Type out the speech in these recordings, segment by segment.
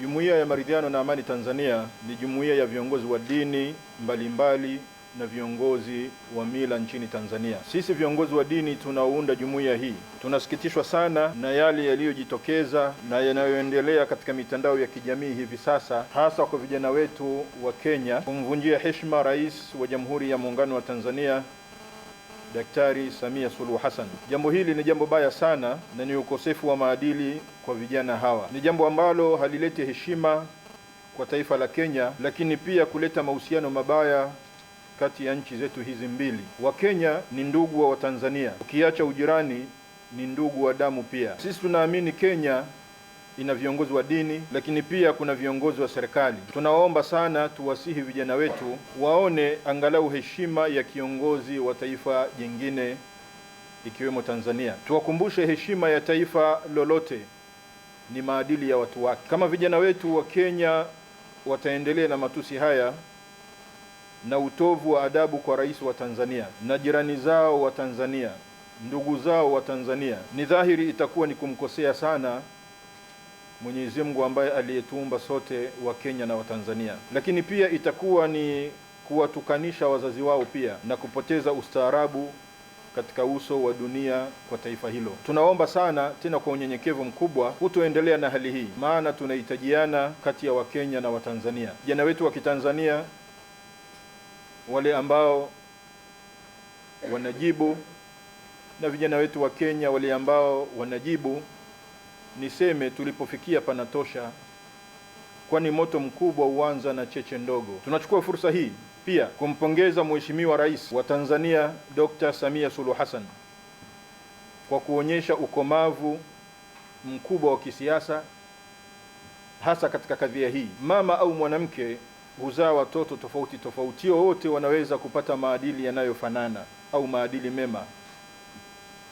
Jumuiya ya Maridhiano na Amani Tanzania ni jumuiya ya viongozi wa dini mbalimbali mbali na viongozi wa mila nchini Tanzania. Sisi viongozi wa dini tunaounda jumuiya hii tunasikitishwa sana na yale yaliyojitokeza na yanayoendelea katika mitandao ya kijamii hivi sasa, hasa kwa vijana wetu wa Kenya kumvunjia heshima Rais wa Jamhuri ya Muungano wa Tanzania Daktari Samia Suluhu Hassan. Jambo hili ni jambo baya sana na ni ukosefu wa maadili kwa vijana hawa. Ni jambo ambalo halileti heshima kwa taifa la Kenya, lakini pia kuleta mahusiano mabaya kati ya nchi zetu hizi mbili. Wakenya ni ndugu wa Watanzania, ukiacha ujirani ni ndugu wa damu pia. Sisi tunaamini Kenya ina viongozi wa dini, lakini pia kuna viongozi wa serikali. Tunawaomba sana, tuwasihi vijana wetu waone angalau heshima ya kiongozi wa taifa jingine ikiwemo Tanzania. Tuwakumbushe heshima ya taifa lolote ni maadili ya watu wake. Kama vijana wetu wa Kenya wataendelea na matusi haya na utovu wa adabu kwa rais wa Tanzania na jirani zao wa Tanzania, ndugu zao wa Tanzania, ni dhahiri itakuwa ni kumkosea sana Mwenyezi Mungu ambaye aliyetuumba sote wa Kenya na Watanzania, lakini pia itakuwa ni kuwatukanisha wazazi wao pia na kupoteza ustaarabu katika uso wa dunia kwa taifa hilo. Tunaomba sana tena kwa unyenyekevu mkubwa hutoendelea na hali hii, maana tunahitajiana kati ya Wakenya na Watanzania. Vijana wetu wa Kitanzania wale ambao wanajibu na vijana wetu wa Kenya wale ambao wanajibu niseme tulipofikia panatosha, kwani moto mkubwa huanza na cheche ndogo. Tunachukua fursa hii pia kumpongeza Mheshimiwa Rais wa Tanzania Dr. Samia Suluhu Hassan kwa kuonyesha ukomavu mkubwa wa kisiasa hasa katika kadhia hii. Mama au mwanamke huzaa watoto tofauti tofauti, wote wanaweza kupata maadili yanayofanana au maadili mema,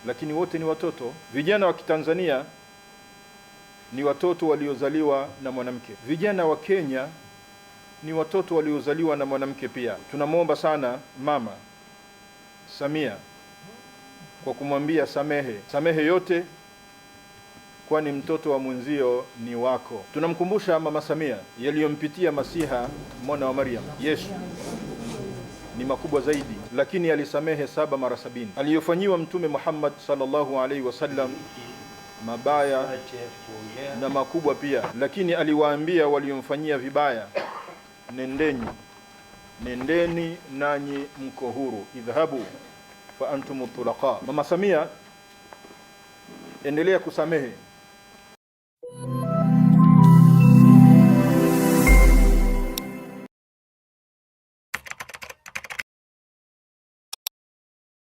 lakini wote ni watoto. Vijana wa Kitanzania ni watoto waliozaliwa na mwanamke. Vijana wa Kenya ni watoto waliozaliwa na mwanamke pia. Tunamwomba sana Mama Samia kwa kumwambia samehe, samehe yote, kwani mtoto wa mwenzio ni wako. Tunamkumbusha Mama Samia yaliyompitia Masiha mwana wa Maryam, Yesu ni makubwa zaidi, lakini alisamehe saba mara sabini aliyofanyiwa Mtume Muhammad sallallahu alaihi wasallam mabaya na makubwa pia, lakini aliwaambia waliomfanyia vibaya, nendeni nendeni nanyi mko huru, idhhabu fa antum tulaqa. Mama Samia, endelea kusamehe